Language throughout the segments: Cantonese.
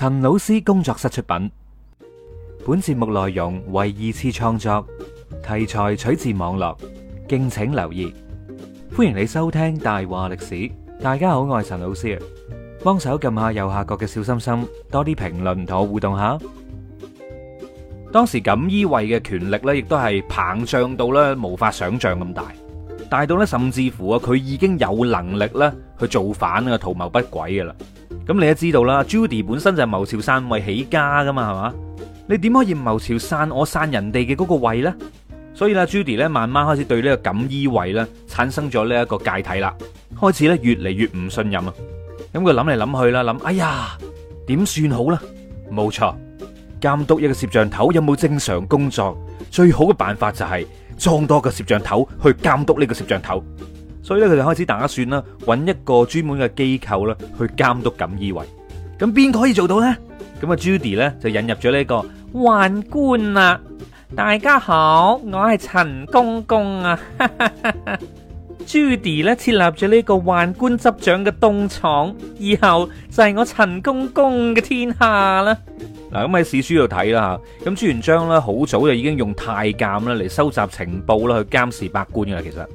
陳老師工作室出品，本節目內容為二次創作，題材取自網絡，敬請留意。歡迎你收聽《大話歷史》。大家好，我係陳老師啊，幫手撳下右下角嘅小心心，多啲評論同我互動下。當時錦衣衛嘅權力咧，亦都係膨脹到咧無法想象咁大，大到咧甚至乎啊，佢已經有能力咧去造反呢啊，圖謀不軌嘅啦。咁你都知道啦，Judy 本身就係謀朝篡位起家噶嘛，係嘛？你點可以謀朝篡我篡人哋嘅嗰個位呢？所以啦，Judy 咧，慢慢開始對個呢個錦衣衛咧，產生咗呢一個芥蒂啦，開始咧，越嚟越唔信任啊！咁佢諗嚟諗去啦，諗哎呀，點算好呢？冇錯，監督一個攝像頭有冇正常工作，最好嘅辦法就係裝多個攝像頭去監督呢個攝像頭。所以咧，佢就開始打算啦，搵一個專門嘅機構啦，去監督錦衣衛。咁邊個可以做到咧？咁啊，Judy 咧就引入咗呢個宦官啊。大家好，我係陳公公啊。Judy 咧設立咗呢個宦官執掌嘅東廠，以後就係我陳公公嘅天下啦。嗱，咁喺史書度睇啦吓，咁朱元璋咧好早就已經用太監咧嚟收集情報啦，去監視百官嘅啦，其實。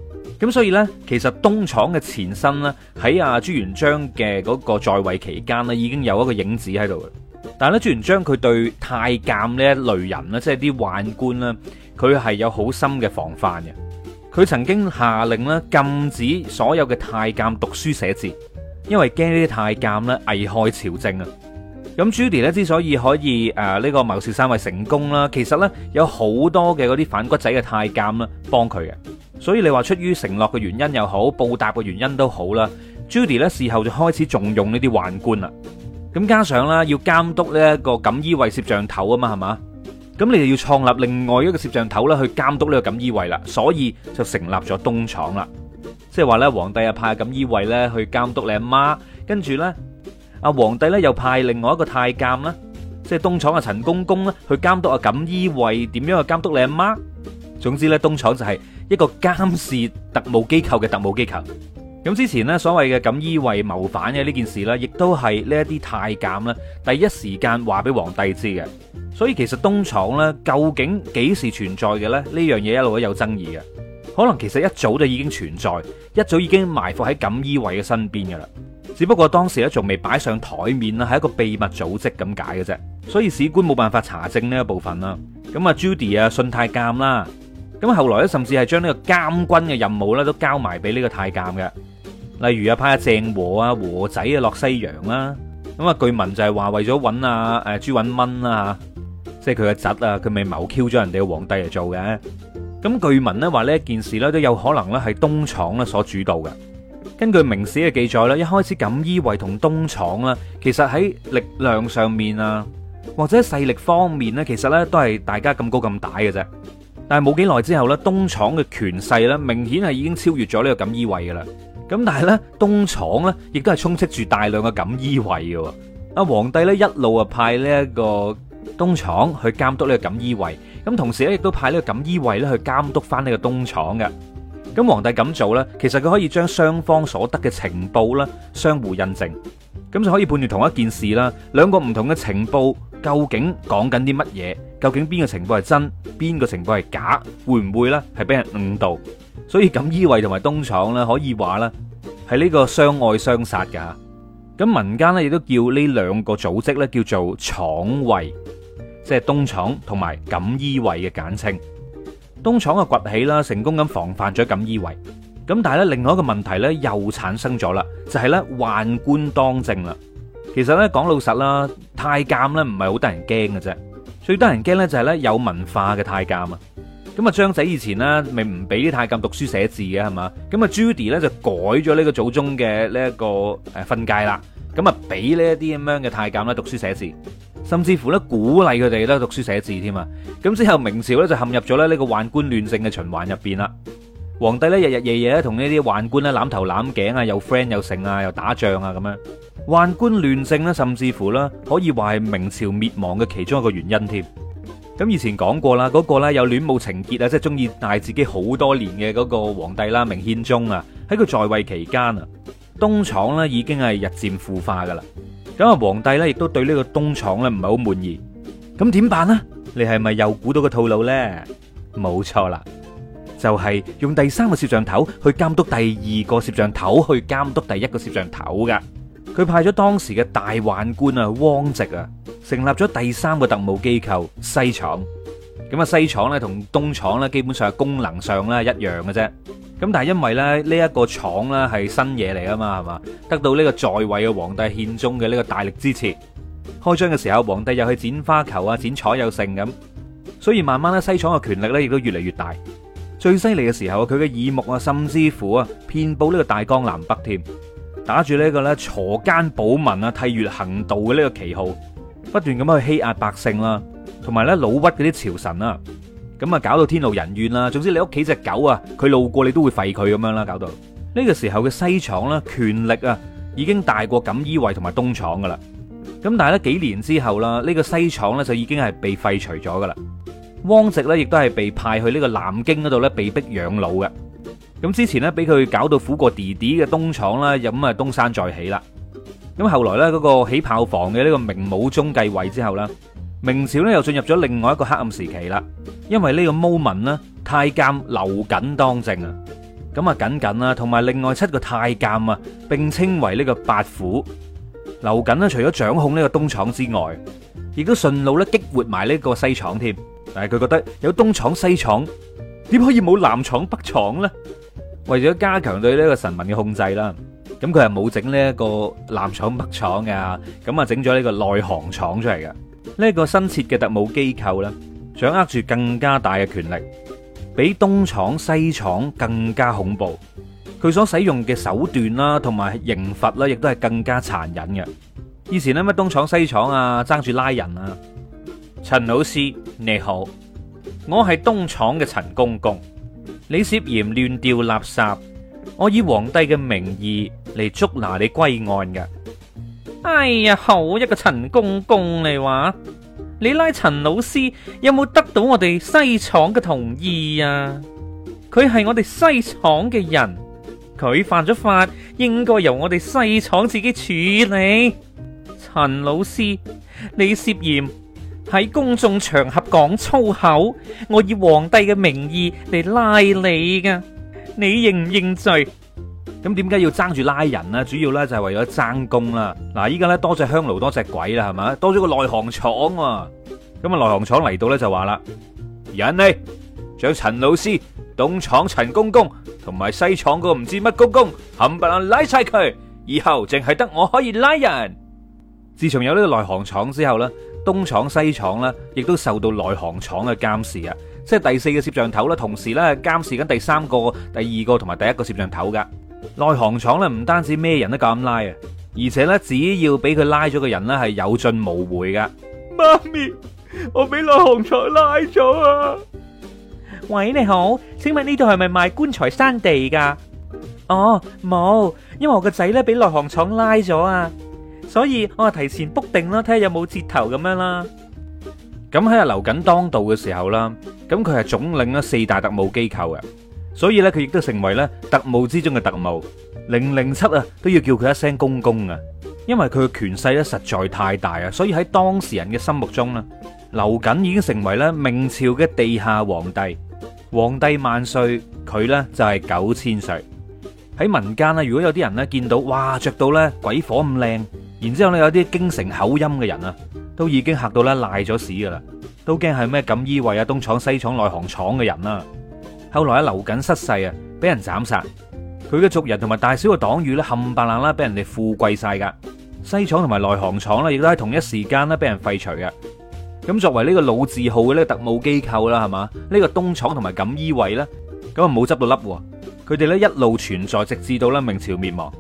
咁所以呢，其實東廠嘅前身呢，喺阿、啊、朱元璋嘅嗰個在位期間呢，已經有一個影子喺度嘅。但係咧，朱元璋佢對太監呢一類人咧，即係啲宦官呢，佢係有好深嘅防範嘅。佢曾經下令咧禁止所有嘅太監讀書寫字，因為驚呢啲太監呢危害朝政啊。咁朱棣呢之所以可以誒呢、呃這個謀士三位成功啦，其實呢，有好多嘅嗰啲反骨仔嘅太監呢幫佢嘅。所以你話出於承諾嘅原因又好，報答嘅原因都好啦。朱棣咧事後就開始重用呢啲宦官啦。咁加上啦，要監督呢一個錦衣衛攝像頭啊嘛，係嘛？咁你就要創立另外一個攝像頭啦，去監督呢個錦衣衛啦。所以就成立咗東廠啦。即係話咧，皇帝啊派錦衣衛咧去監督你阿媽，跟住咧，阿皇帝咧又派另外一個太監啦，即係東廠嘅陳公公咧去監督阿錦衣衛點樣去監督你阿媽。總之咧，東廠就係一個監視特務機構嘅特務機構。咁之前咧，所謂嘅錦衣衛謀反嘅呢件事呢亦都係呢一啲太監啦，第一時間話俾皇帝知嘅。所以其實東廠呢，究竟幾時存在嘅咧？呢樣嘢一路都有爭議嘅。可能其實一早就已經存在，一早已經埋伏喺錦衣衛嘅身邊噶啦。只不過當時咧，仲未擺上台面啦，係一個秘密組織咁解嘅啫。所以史官冇辦法查證呢一部分啦。咁啊，Judy 啊，信太監啦。咁後來咧，甚至係將呢個監軍嘅任務咧，都交埋俾呢個太監嘅。例如啊，派阿鄭和啊、和仔啊落西洋啦。咁啊，據聞就係話為咗揾阿誒朱允炆啦，嚇，即係佢嘅侄啊，佢咪謀但係冇幾耐之後咧，東廠嘅權勢咧，明顯係已經超越咗呢個錦衣衛噶啦。咁但係咧，東廠咧亦都係充斥住大量嘅錦衣衛嘅。阿皇帝咧一路啊派呢一個東廠去監督呢個錦衣衛，咁同時咧亦都派呢個錦衣衛咧去監督翻呢個東廠嘅。咁皇帝咁做咧，其實佢可以將雙方所得嘅情報咧相互印證，咁就可以判斷同一件事啦。兩個唔同嘅情報。究竟講緊啲乜嘢？究竟邊個情報係真，邊個情報係假？會唔會咧係俾人誤導？所以，錦衣衛同埋東廠啦，可以話咧係呢個相愛相殺㗎。咁民間咧亦都叫呢兩個組織咧叫做廠衞，即係東廠同埋錦衣衛嘅簡稱。東廠嘅崛起啦，成功咁防範咗錦衣衛。咁但係咧，另外一個問題咧又產生咗啦，就係咧宦官當政啦。其實咧講老實啦，太監咧唔係好得人驚嘅啫，最得人驚咧就係咧有文化嘅太監啊。咁啊，張仔以前咧咪唔俾啲太監讀書寫字嘅係嘛？咁啊，Judy 咧就改咗呢個祖宗嘅呢一個誒訓誡啦，咁啊俾呢一啲咁樣嘅太監咧讀書寫字，甚至乎咧鼓勵佢哋咧讀書寫字添啊。咁之後明朝咧就陷入咗咧呢個宦官亂政嘅循環入邊啦。皇帝咧日日夜夜咧同呢啲宦官咧攬頭攬頸啊，又 friend 又成啊，又打仗啊咁樣，宦官亂政咧，甚至乎啦，可以話係明朝滅亡嘅其中一個原因添。咁以前講過啦，嗰、那個啦有戀母情結啊，即係中意大自己好多年嘅嗰個皇帝啦，明憲宗啊，喺佢在位期間啊，東廠咧已經係日漸腐化噶啦。咁啊，皇帝咧亦都對呢個東廠咧唔係好滿意。咁點辦是是呢？你係咪又估到個套路咧？冇錯啦。就係用第三個攝像頭去監督第二個攝像頭去監督第一個攝像頭噶。佢派咗當時嘅大宦官啊，汪直啊，成立咗第三個特務機構西廠。咁啊，西廠咧同東廠咧，基本上係功能上咧一樣嘅啫。咁但係因為咧呢一個廠咧係新嘢嚟啊嘛，係嘛，得到呢個在位嘅皇帝憲宗嘅呢個大力支持。開張嘅時候，皇帝又去剪花球啊，剪彩有剩咁。所以慢慢咧，西廠嘅權力咧亦都越嚟越大。最犀利嘅時候，佢嘅耳目啊，甚至乎啊，遍布呢個大江南北添，打住呢、呢個咧鋤奸保民啊、替月行道嘅呢個旗號，不斷咁去欺壓百姓啦，同埋咧老屈嗰啲朝臣啦，咁啊搞到天怒人怨啦。總之你，你屋企隻狗啊，佢路過你都會廢佢咁樣啦，搞到呢個時候嘅西廠咧，權力啊已經大過錦衣衛同埋東廠噶啦。咁但係咧幾年之後啦，呢、呢個西廠咧就已經係被廢除咗噶啦。汪直咧，亦都係被派去呢個南京嗰度咧，被逼養老嘅。咁之前咧，俾佢搞到苦過弟弟嘅東廠啦，咁啊東山再起啦。咁後來咧，嗰個起炮房嘅呢個明武宗繼位之後咧，明朝咧又進入咗另外一個黑暗時期啦。因為呢個 moment 咧，太監劉瑾當政啊，咁啊緊緊啦，同埋另外七個太監啊，並稱為呢個八虎。劉瑾咧，除咗掌控呢個東廠之外，亦都順路咧激活埋呢個西廠添。但係佢覺得有東廠西廠，點可以冇南廠北廠呢？為咗加強對呢個臣民嘅控制啦，咁佢係冇整呢一個南廠北廠啊，咁啊整咗呢個內行廠出嚟嘅。呢一個新設嘅特務機構咧，掌握住更加大嘅權力，比東廠西廠更加恐怖。佢所使用嘅手段啦，同埋刑罰啦，亦都係更加殘忍嘅。以前呢，乜東廠西廠啊，爭住拉人啊。陳老師你好，我係東廠嘅陳公公。你涉嫌亂掉垃圾，我以皇帝嘅名義嚟捉拿你歸案㗎。哎呀，好一個陳公公嚟話，你拉陳老師有冇得到我哋西廠嘅同意啊？佢係我哋西廠嘅人，佢犯咗法，應該由我哋西廠自己處理。陳老師，你涉嫌。喺公眾場合講粗口，我以皇帝嘅名義嚟拉你噶，你認唔認罪？咁點解要爭住拉人咧？主要咧就係為咗爭功啦。嗱，依家咧多隻香爐多隻鬼啦，係嘛？多咗個內行廠，咁啊內行廠嚟到咧就話啦，人嚟，仲有陳老師、東廠陳公公同埋西廠嗰個唔知乜公公，冚唪唥拉晒佢，以後淨係得我可以拉人。自從有呢個內行廠之後咧，東廠西廠咧，亦都受到內行廠嘅監視啊！即係第四個攝像頭啦，同時咧監視緊第三個、第二個同埋第一個攝像頭噶。內行廠咧唔單止咩人都敢拉啊，而且咧只要俾佢拉咗個人咧係有進無回噶。媽咪，我俾內行廠拉咗啊！喂，你好，請問呢度係咪賣棺材山地噶？哦，冇，因為我個仔咧俾內行廠拉咗啊！所以我提前 book 定啦，睇下有冇折頭咁樣啦。咁喺阿劉瑾當道嘅時候啦，咁佢係總領咧四大特務機構嘅，所以呢，佢亦都成為咧特務之中嘅特務。零零七啊，都要叫佢一聲公公啊，因為佢嘅權勢咧實在太大啊。所以喺當時人嘅心目中咧，劉瑾已經成為咧明朝嘅地下皇帝。皇帝萬歲，佢呢就係九千歲。喺民間呢，如果有啲人呢見到，哇，着到咧鬼火咁靚。然之後咧，有啲京城口音嘅人啊，都已經嚇到咧賴咗屎噶啦，都驚係咩錦衣衛啊、東廠、西廠、內行廠嘅人啦。後來啊，劉瑾失勢啊，俾人斬殺，佢嘅族人同埋大小嘅黨羽咧冚唪冷啦，俾人哋富貴晒噶。西廠同埋內行廠咧，亦都喺同一時間咧俾人廢除啊。咁作為呢個老字號嘅呢個特務機構啦，係嘛？呢、呢個東廠同埋錦衣衛咧，咁啊冇執到笠，佢哋咧一路存在，直至到咧明朝滅亡。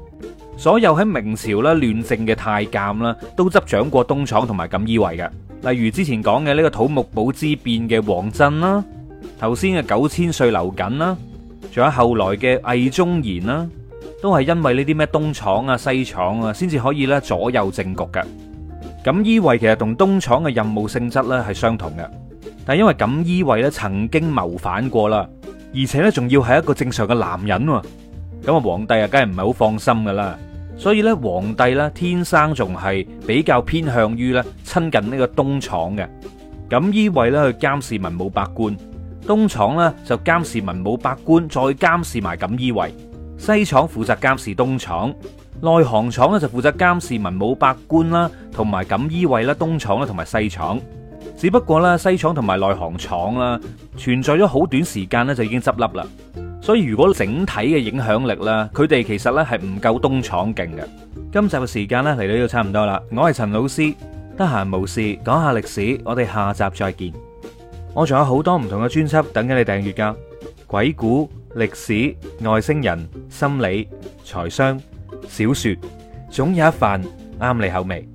所有喺明朝啦亂政嘅太監啦，都執掌過東廠同埋錦衣衛嘅。例如之前講嘅呢個土木堡之變嘅王振啦，頭先嘅九千歲劉瑾啦，仲有後來嘅魏忠賢啦，都係因為呢啲咩東廠啊西廠啊，先至，啊、可以咧左右政局嘅。錦衣衛其實同東廠嘅任務性質咧係相同嘅，但係因為錦衣衛咧曾經謀反過啦，而且咧仲要係一個正常嘅男人。咁啊，皇帝啊，梗係唔係好放心噶啦，所以咧，皇帝咧天生仲係比較偏向於咧親近呢個東廠嘅，錦衣衛咧去監視文武百官，東廠咧就監視文武百官，再監視埋錦衣衛，西廠負責監視東廠，內行廠咧就負責監視文武百官啦，同埋錦衣衛啦、東廠啦同埋西廠，只不過咧西廠同埋內行廠啦存在咗好短時間咧就已經執笠啦。所以如果整體嘅影響力咧，佢哋其實咧係唔夠東廠勁嘅。今集嘅時間咧嚟到都差唔多啦。我係陳老師，得閒無事講下歷史，我哋下集再見。我仲有好多唔同嘅專輯等緊你訂閱噶，鬼故、歷史、外星人、心理、財商、小說，總有一番啱你口味。